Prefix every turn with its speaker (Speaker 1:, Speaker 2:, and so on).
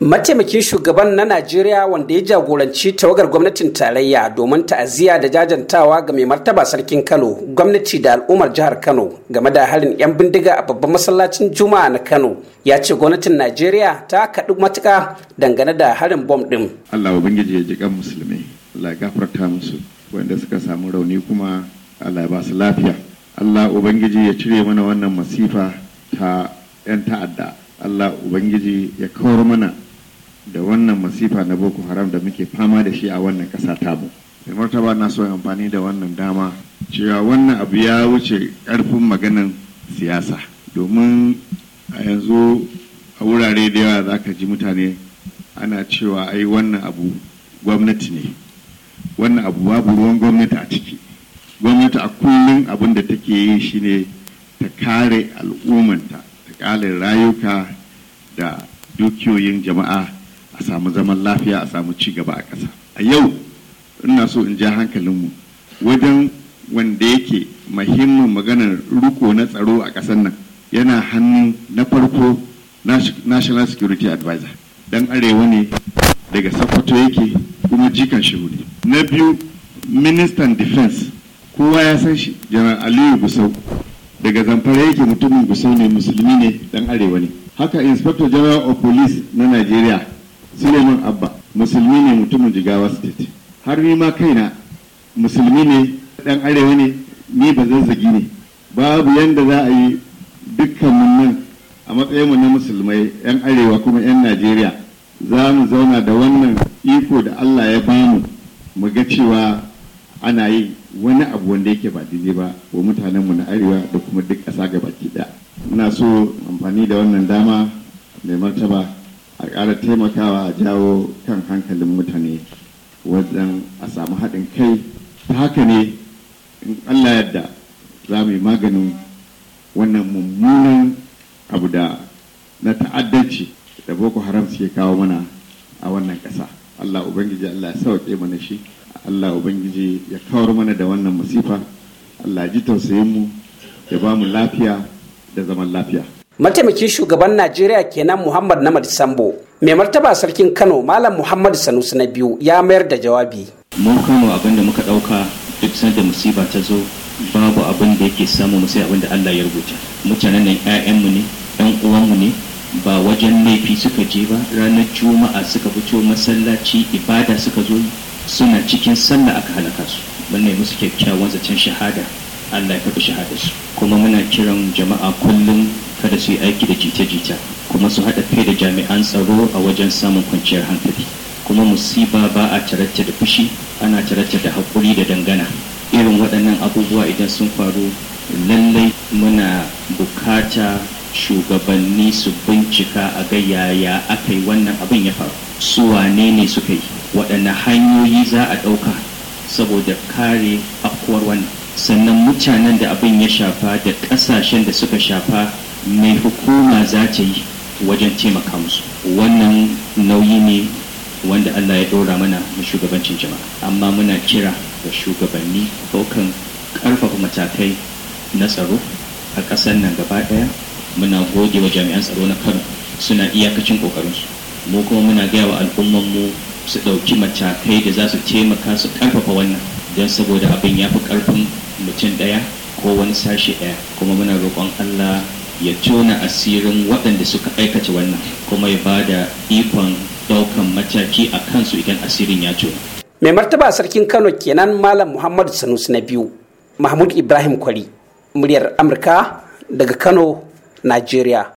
Speaker 1: Mataimakin shugaban na Najeriya wanda ya jagoranci tawagar gwamnatin tarayya domin ta'aziyya da jajantawa ga mai martaba sarkin Kano, gwamnati da al'ummar jihar Kano game da harin 'yan bindiga a babban masallacin Juma'a na Kano, ya ce gwamnatin Najeriya ta kaɗu matuƙa dangane da harin bom ɗin.
Speaker 2: Allah Ubangiji ya ji kan musulmi, Allah ya gafarta musu, wanda suka samu rauni kuma Allah ya ba su lafiya. Allah Ubangiji ya cire mana wannan masifa ta 'yan ta'adda. Allah Ubangiji ya kawar mana da wannan masifa na boko haram da muke fama da shi a wannan ƙasa tamu mai martaba na so amfani da wannan dama cewa wannan abu ya wuce ƙarfin maganan siyasa domin a yanzu a wurare da yawa za ka ji mutane ana cewa ai wannan abu gwamnati ne wannan abu babu ruwan gwamnati a ciki gwamnati a kullum abin da take yi shine ta kare al'ummanta ta kare rayuka da dukiyoyin jama'a a samu zaman lafiya a samu ci gaba a ƙasa a yau ina so in ja hankalinmu wajen wanda yake mahimmin maganar riko na tsaro a ƙasar nan yana hannu na farko national security advisor dan arewa ne daga sokoto yake kuma jikan shiru na biyu ministan defense kowa ya san shi general aliyu gusau daga zamfara yake mutumin gusau ne musulmi ne dan arewa ne haka inspector general of police na nigeria Suleiman Abba musulmi ne mutumin Jigawa State har ni ma kaina musulmi ne dan arewa ne ni ba zazzagi ne babu yanda za a yi mun nan a mu na musulmai yan arewa kuma yan Najeriya za mu zauna da wannan iko da Allah ya bamu mu ga cewa ana yi wani abu wanda yake ba daidai ba wa mutanenmu na arewa da kuma duk ƙasa gabaki ɗaya. Ina so amfani da wannan dama mai martaba ƙara taimakawa a jawo kan hankalin mutane wajen a samu haɗin kai ta haka ne in allah yadda za mu yi maganin wannan mummunan abu da na ta'addanci da boko haram suke kawo mana a wannan ƙasa allah ubangiji allah ya sauke mana shi allah ubangiji ya kawar mana da wannan masifa allah ji tausayin mu ya ba mu lafiya da zaman lafiya
Speaker 1: mataimakin shugaban najeriya kenan muhammad na sambo mai martaba sarkin kano malam muhammad sanusi na biyu ya mayar da jawabi mu kano abinda muka
Speaker 3: ɗauka duk sanda musiba ta zo babu abin da yake samu mu sai abin da allah ya rubuta mutanen nan mu ne uwan mu ne ba wajen laifi suka je ba ranar juma'a suka fito masallaci ibada suka zo suna cikin sallah aka halaka su mun musu kyakkyawan zaton shahada allah ya karɓi shahadarsu kuma muna kiran jama'a kullum kada su yi aiki da jita-jita kuma su haɗa kai da jami'an tsaro a wajen samun kwanciyar hankali kuma musiba ba a taratta da fushi ana taratta da haƙuri da dangana irin waɗannan abubuwa idan sun faru lallai muna bukata shugabanni su bincika a ga yaya aka yi wannan abin ya faru su wane ne suka yi waɗanne hanyoyi za a ɗauka saboda kare afkuwar wannan sannan mutanen da abin ya shafa da ƙasashen da suka shafa mai hukuma za ta yi wajen taimaka musu wannan nauyi ne wanda Allah ya ɗora mana na shugabancin jama'a amma muna kira ga shugabanni kan ƙarfafa matakai na tsaro a ƙasar nan gaba ɗaya muna gogewa wa jami'an tsaro na kano suna iyakacin ƙoƙarinsu mu kuma muna gaya wa mu su ɗauki matakai da za su taimaka su karfafa wannan don saboda abin ya fi ƙarfin mutum ɗaya ko wani sashe ɗaya kuma muna roƙon allah ya tona asirin waɗanda suka aikata wannan kuma ya ba da ikon ɗaukan mataki a kansu idan asirin ya tona.
Speaker 1: mai martaba sarkin kano kenan malam muhammadu sanusi na biyu mahmud ibrahim kwari muryar amurka daga kano nigeria